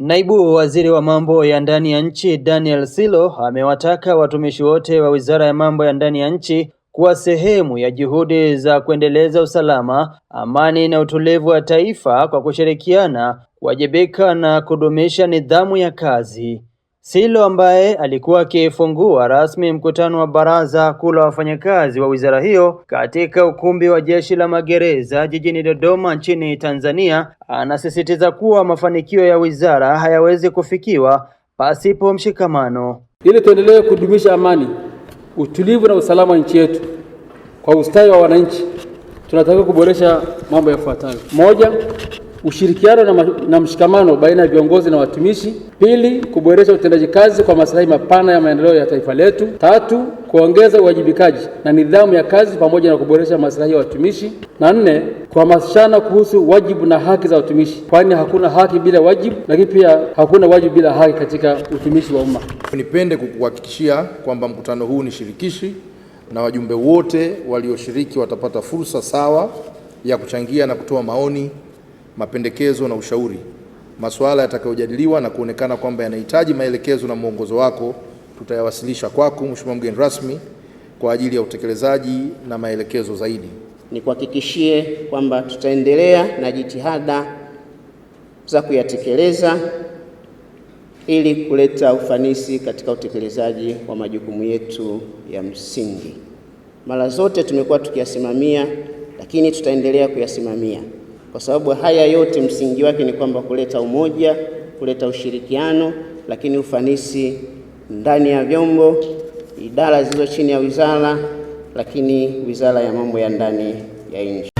Naibu Waziri wa Mambo ya Ndani ya Nchi, Daniel Silo, amewataka watumishi wote wa Wizara ya Mambo ya Ndani ya Nchi kuwa sehemu ya juhudi za kuendeleza usalama, amani na utulivu wa taifa kwa kushirikiana, kuwajibika na kudumisha nidhamu ya kazi. Silo ambaye alikuwa akifungua rasmi mkutano wa baraza kuu la wafanyakazi wa wizara hiyo katika ukumbi wa jeshi la magereza jijini Dodoma nchini Tanzania, anasisitiza kuwa mafanikio ya wizara hayawezi kufikiwa pasipo mshikamano. Ili tuendelee kudumisha amani, utulivu na usalama wa nchi yetu kwa ustawi wa wananchi, tunatakiwa kuboresha mambo yafuatayo: moja ushirikiano na, na mshikamano baina ya viongozi na watumishi. Pili, kuboresha utendaji kazi kwa maslahi mapana ya maendeleo ya taifa letu. Tatu, kuongeza uwajibikaji na nidhamu ya kazi pamoja na kuboresha maslahi ya watumishi. Na nne, kuhamasishana kuhusu wajibu na haki za watumishi, kwani hakuna haki bila wajibu, lakini pia hakuna wajibu bila haki katika utumishi wa umma. Nipende kukuhakikishia kwamba mkutano huu ni shirikishi na wajumbe wote walioshiriki watapata fursa sawa ya kuchangia na kutoa maoni mapendekezo na ushauri, masuala yatakayojadiliwa na kuonekana kwamba yanahitaji maelekezo na mwongozo wako tutayawasilisha kwako Mheshimiwa mgeni rasmi kwa ajili ya utekelezaji na maelekezo zaidi. Nikuhakikishie kwamba tutaendelea na jitihada za kuyatekeleza ili kuleta ufanisi katika utekelezaji wa majukumu yetu ya msingi. Mara zote tumekuwa tukiyasimamia, lakini tutaendelea kuyasimamia kwa sababu haya yote msingi wake ni kwamba kuleta umoja, kuleta ushirikiano, lakini ufanisi ndani ya vyombo, idara zilizo chini ya wizara, lakini wizara ya mambo ya ndani ya nchi.